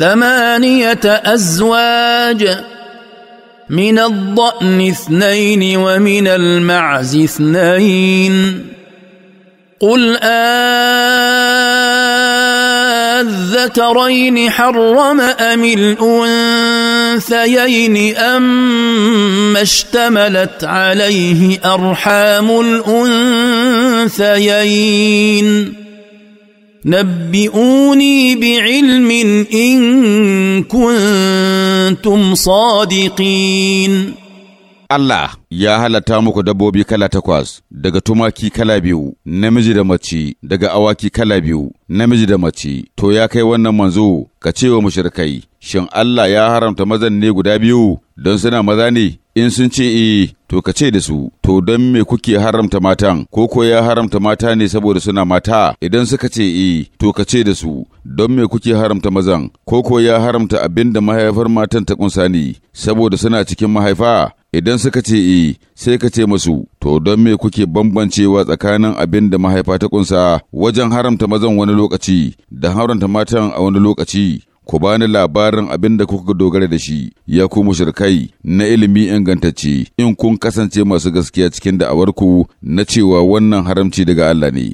ثمانيه ازواج من الضأن اثنين ومن المعز اثنين قل أذكرين حرم أم الأنثيين أم اشتملت عليه أرحام الأنثيين نبئوني بعلم ان كنتم صادقين Allah ya halatta muku dabbobi kala takwas, daga tumaki kala biyu, namiji da mace, daga awaki kala biyu, namiji da mace, to ya kai wannan manzo, ka ce wa mushrikai, shin Allah ya haramta mazan ne guda biyu don suna maza ne? In sun ce e, to ka ce da su, to don me kuke haramta matan, ko ko ya haramta mata ne saboda suna mata, idan suka ce e, to ka ce da su, don me kuke haramta mazan, ko ko ya haramta abinda mahaifar matan ta kunsa ne, saboda suna cikin mahaifa, Idan suka ce e, sai ka ce masu, to don me kuke bambancewa tsakanin abin da mahaifa ta kunsa wajen haramta mazan wani lokaci da haramta matan a wani lokaci, ku bani labarin abin da kuka dogara da shi, ya ku mushrikai na ilimi ingantacce in kun kasance masu gaskiya cikin da'awarku na cewa wannan haramci daga Allah ne.